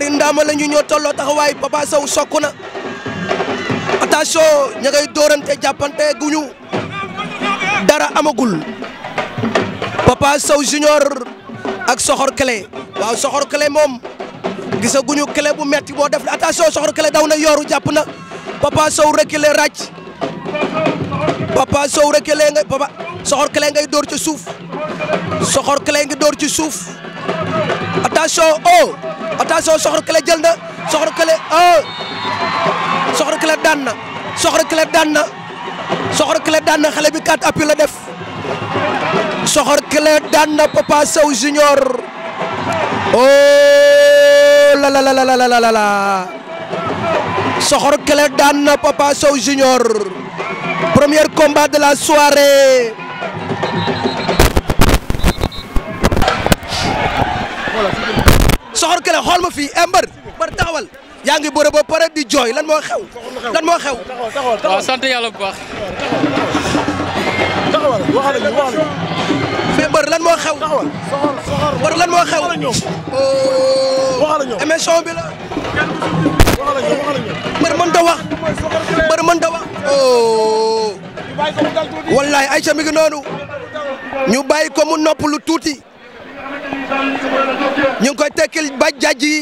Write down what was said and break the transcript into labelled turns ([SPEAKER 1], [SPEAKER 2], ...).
[SPEAKER 1] ñaari ndaama la ñu ñoo tolloo taxawaay Papa Sow sokku na attention ña ngay dóorante jàppante dara amagul Papa Sow junior ak Soxor Kele waaw Soxor Kele moom gisaguñu Kele bu metti boo def attention Soxor Kele daw na yooru jàpp na Papa Sow reculé ràcc Papa Sow reculé nga Papa Soxor Kele ngay door ci suuf Soxor Kele nga door ci suuf attention oh. attention soxor jël na soxor kële ah oh. soxor kële daan na soxor kële daan soxor kële daan na xale bi quatre appui la def soxor kële daan na Papa Sow junior oh la la la la soxor kële daan Papa Sow junior premier combat de la soirée. soxor kële xool ma fii mbër mbër taxawal lan moo xew. lan moo xew. sant yàlla bu baax. taxawal wax xew. taxawal soxor xew. wax nañu oh. émission bi la. wax nañu wax nañu. Oh. mbër noonu. ñu bàyyi ko nopp lu tuuti. ñu ngi koy tekkil ba jàjji